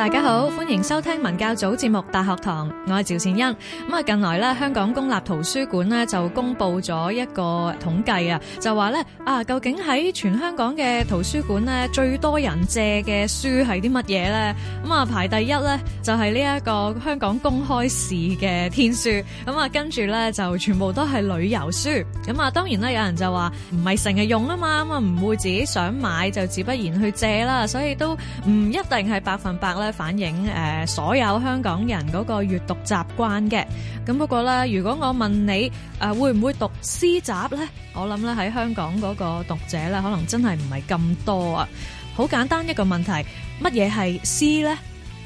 大家好，歡迎收聽文教組節目《大學堂》，我係趙善欣。咁啊，近來咧，香港公立圖書館咧就公布咗一個統計啊，就話咧啊，究竟喺全香港嘅圖書館咧最多人借嘅書係啲乜嘢咧？咁啊，排第一咧就係呢一個香港公開市嘅天書。咁啊，跟住咧就全部都係旅遊書。咁啊，當然啦，有人就話唔係成日用啊嘛，咁啊唔會自己想買就自不然去借啦，所以都唔一定係百分百咧。反映誒所有香港人嗰個閱讀習慣嘅，咁不過咧，如果我問你誒會唔會讀詩集呢？我諗咧喺香港嗰個讀者咧，可能真係唔係咁多啊。好簡單一個問題，乜嘢係詩呢？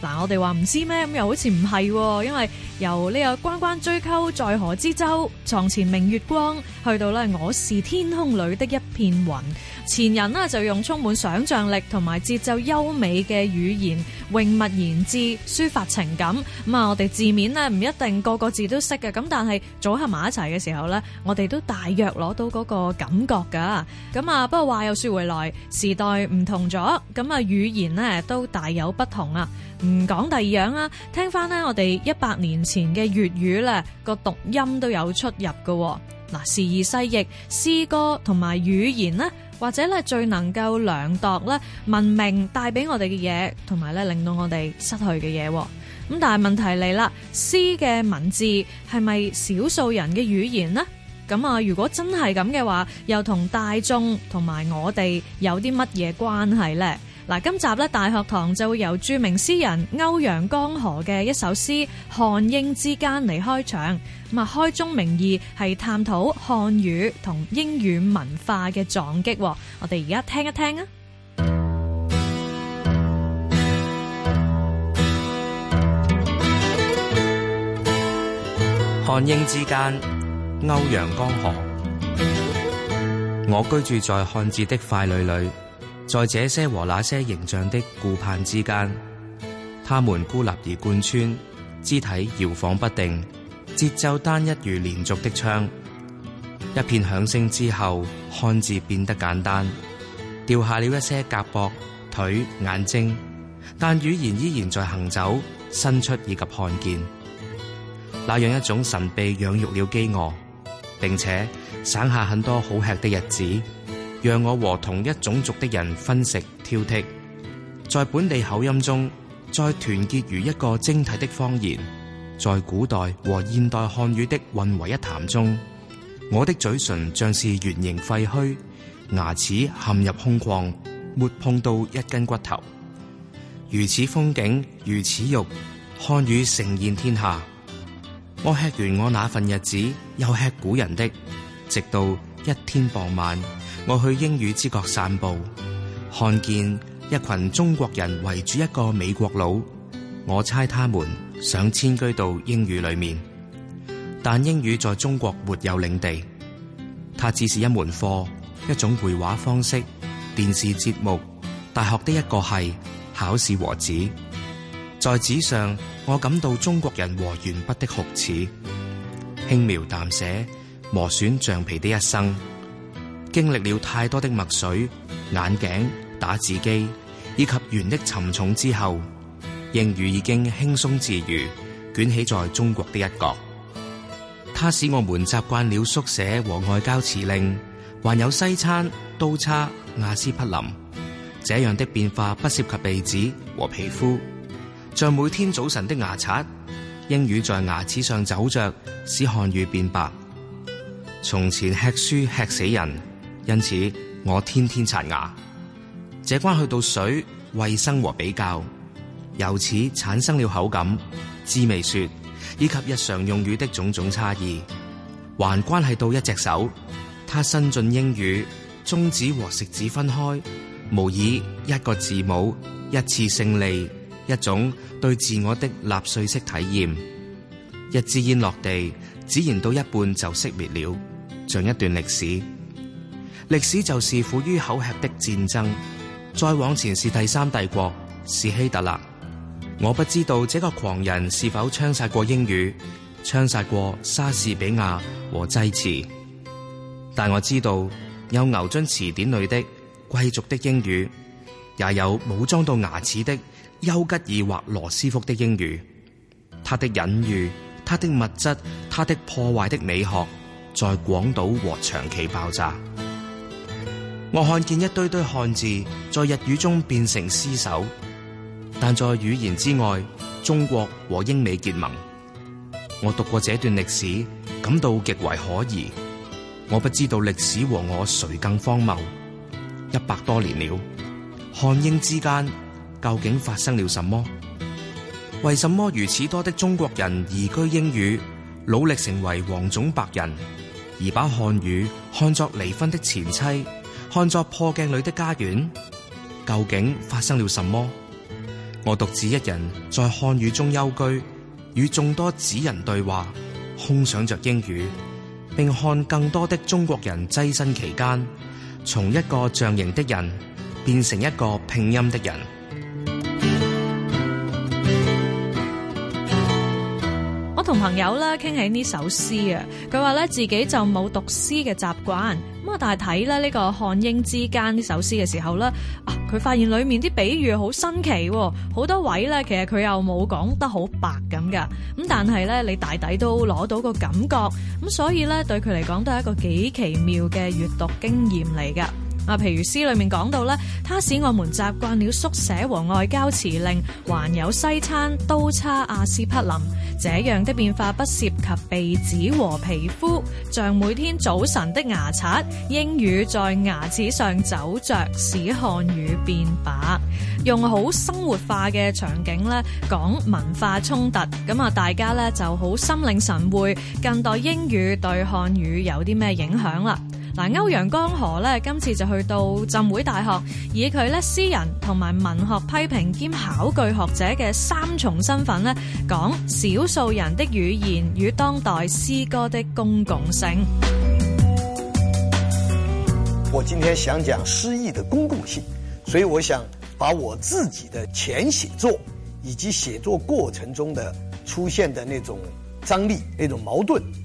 嗱，我哋話唔知咩，咁又好似唔係，因為由呢個關關雎鳩在河之洲，床前明月光，去到咧我是天空裏的一片雲。前人呢就用充滿想象力同埋節奏優美嘅語言，詠物言志，抒發情感。咁啊，我哋字面呢唔一定個個字都識嘅，咁但係組合埋一齊嘅時候呢，我哋都大約攞到嗰個感覺噶。咁啊，不過話又說回來，時代唔同咗，咁啊，語言呢都大有不同啊。唔講第二樣啊，聽翻呢，我哋一百年前嘅粵語呢，個讀音都有出入噶。嗱，時移世易，詩歌同埋語言呢。或者咧最能夠量度咧文明帶俾我哋嘅嘢，同埋咧令到我哋失去嘅嘢。咁但係問題嚟啦，詩嘅文字係咪少數人嘅語言呢？咁啊，如果真係咁嘅話，又同大眾同埋我哋有啲乜嘢關係呢？嗱，今集咧，大學堂就會由著名詩人歐陽江河嘅一首詩《漢英之間》嚟開場，咁啊，開宗明義係探討漢語同英語文化嘅撞擊。我哋而家聽一聽啊，《漢英之間》，歐陽江河，我居住在漢字的塊壘裡。在這些和那些形象的顧盼之間，他們孤立而貫穿，肢體搖晃不定，節奏單一如連續的槍，一片響聲之後，漢字變得簡單，掉下了一些胳膊、腿、眼睛，但語言依然在行走、伸出以及看見。那樣一種神秘養育了飢餓，並且省下很多好吃的日子。讓我和同一種族的人分食挑剔，在本地口音中，在團結如一個晶體的方言，在古代和現代漢語的混為一談中，我的嘴唇像是圓形廢墟，牙齒陷入空曠，沒碰到一根骨頭。如此風景，如此肉，漢語盛宴天下。我吃完我那份日子，又吃古人的，直到。一天傍晚，我去英語之角散步，看見一群中國人圍住一個美國佬。我猜他們想遷居到英語裏面，但英語在中國沒有領地，它只是一門課、一種會話方式、電視節目、大學的一個系、考試和紙。在紙上，我感到中國人和鉛筆的酷似，輕描淡寫。磨損橡皮的一生，經歷了太多的墨水、眼鏡、打字機以及鉛的沉重之後，英語已經輕鬆自如，捲起在中國的一角。它使我們習慣了宿舍和外交辭令，還有西餐刀叉、阿司匹林。這樣的變化不涉及鼻子和皮膚，像每天早晨的牙刷，英語在牙齒上走着，使漢語變白。從前吃書吃死人，因此我天天刷牙。這關係到水、衛生和比較，由此產生了口感、滋味說，以及日常用語的種種差異。還關係到一隻手，它伸進英語，中指和食指分開，模擬一個字母，一次勝利，一種對自我的納粹式體驗。一支煙落地，只燃到一半就熄滅了。上一段歷史，歷史就是苦於口吃的戰爭。再往前是第三帝國，是希特勒。我不知道這個狂人是否槍殺過英語，槍殺過莎士比亞和濟慈。但我知道有牛津詞典裡的貴族的英語，也有武裝到牙齒的丘吉爾或羅斯福的英語。他的隱喻，他的物質，他的破壞的美學。在廣島和長崎爆炸，我看見一堆堆漢字在日語中變成屍首，但在語言之外，中國和英美結盟。我讀過這段歷史，感到極為可疑。我不知道歷史和我誰更荒謬。一百多年了，漢英之間究竟發生了什麼？為什麼如此多的中國人移居英語，努力成為黃種白人？而把漢語看作離婚的前妻，看作破鏡裏的家園，究竟發生了什麼？我獨自一人在漢語中幽居，與眾多紙人對話，空想着英語，並看更多的中國人躋身其間，從一個象形的人變成一個拼音的人。同朋友咧傾起呢首詩啊，佢話咧自己就冇讀詩嘅習慣，咁啊但係睇咧呢個漢英之間呢首詩嘅時候咧，佢、啊、發現裏面啲比喻好新奇，好多位咧其實佢又冇講得好白咁噶，咁但係咧你大抵都攞到個感覺，咁所以咧對佢嚟講都係一個幾奇妙嘅閱讀經驗嚟噶。啊，譬如詩裏面講到咧，它使我們習慣了縮寫和外交辭令，還有西餐刀叉阿司匹林。這樣的變化不涉及鼻子和皮膚，像每天早晨的牙刷。英語在牙齒上走著，使漢語變白。用好生活化嘅場景咧，講文化衝突，咁啊，大家咧就好心領神會。近代英語對漢語有啲咩影響啦。嗱，歐陽江河咧今次就去到浸會大學，以佢咧詩人同埋文學批評兼考據學者嘅三重身份咧，講少數人的語言與當代詩歌的公共性。我今天想講詩意的公共性，所以我想把我自己的前寫作以及寫作過程中的出現的那種張力、那種矛盾。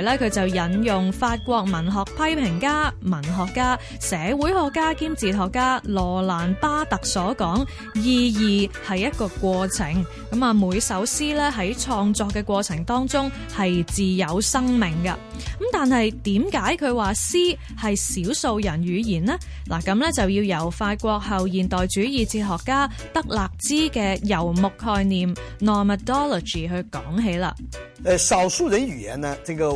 咧佢就引用法國文學批評家、文學家、社會學家兼哲學家羅蘭巴特所講：意義係一個過程。咁啊，每首詩咧喺創作嘅過程當中係自有生命嘅。咁但係點解佢話詩係少數人語言呢？嗱，咁咧就要由法國後現代主義哲學家德勒茲嘅游牧概念 （nomadology） 去講起啦。誒，少數人語言呢？呢、這個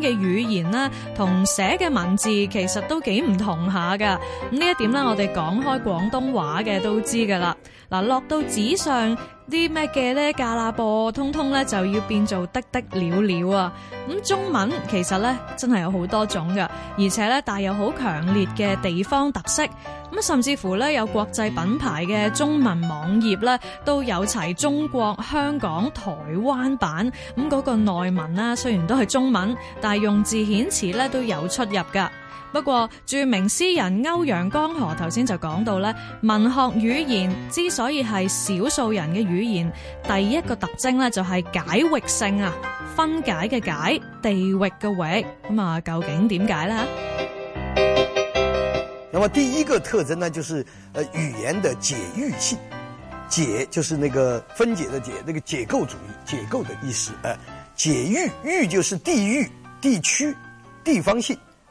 嘅語言啦，同寫嘅文字其實都幾唔同下噶。咁呢一點咧，我哋講開廣東話嘅都知噶啦。嗱，落到紙上。啲咩嘅咧，㗎喇噃通通咧就要變做得得了了啊！咁中文其實咧真係有好多種噶，而且咧帶有好強烈嘅地方特色。咁甚至乎咧有國際品牌嘅中文網頁咧都有齊中國香港台灣版。咁、那、嗰個內文啦，雖然都係中文，但係用字顯示咧都有出入噶。不過著名詩人歐陽江河頭先就講到咧，文學語言之所以係少數人嘅語言，第一個特徵咧就係解域性啊，分解嘅解，地域嘅域，咁啊，究竟點解咧？那麼第一個特徵呢，就是，呃，語言的解域性，解就是那個分解的解，那個解構主義，解構的意思，誒，解域，域就是地域、地區、地方性。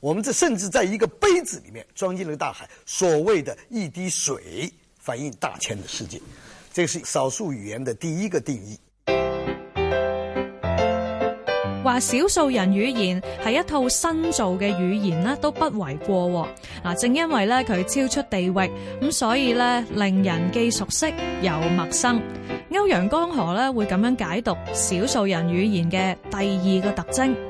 我們這甚至在一個杯子裡面裝進了大海，所謂的一滴水反映大千的世界，這是少數語言的第一個定義。話少數人語言係一套新造嘅語言呢，都不為過。嗱，正因為咧佢超出地域，咁所以咧令人既熟悉又陌生。歐陽江河咧會咁樣解讀少數人語言嘅第二個特徵。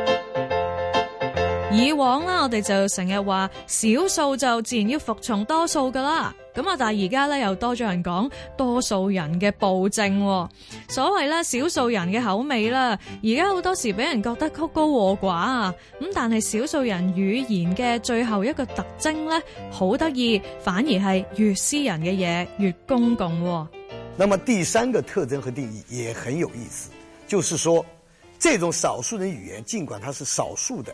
以往啦，我哋就成日話少數就自然要服從多數噶啦。咁啊，但係而家咧又多咗人講多數人嘅暴政，所謂咧少數人嘅口味啦。而家好多時俾人覺得曲高和寡啊。咁但係少數人語言嘅最後一個特徵咧，好得意，反而係越私人嘅嘢越公共。那麼第三個特徵和定義也很有意思，就是說，這種少數人語言，盡管它是少數的。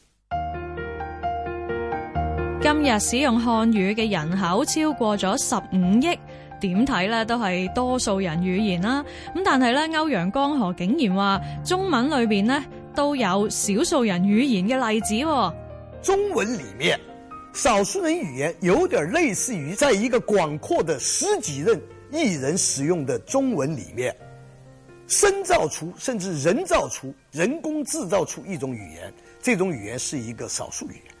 今日使用漢語嘅人口超過咗十五億，點睇咧都係多數人語言啦、啊。咁但係咧，歐陽江河竟然話中文裏邊咧都有少數人語言嘅例子、哦。中文裏面少數人語言有點類似於在一個廣闊的十幾億人使用的中文裏面，生造出甚至人造出人工製造出一種語言，這種語言是一個少數語言。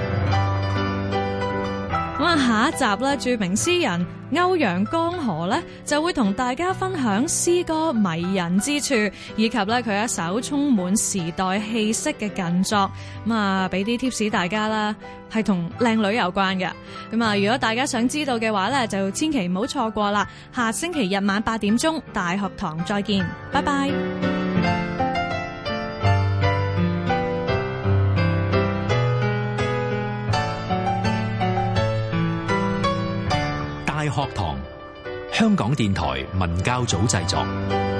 下一集咧，著名詩人歐陽江河咧，就會同大家分享詩歌迷人之處，以及咧佢一首充滿時代氣息嘅近作。咁啊，俾啲 tips 大家啦，係同靚女有關嘅。咁啊，如果大家想知道嘅話咧，就千祈唔好錯過啦。下星期日晚八點鐘，大學堂再見，拜拜。學堂，香港電台文教組製作。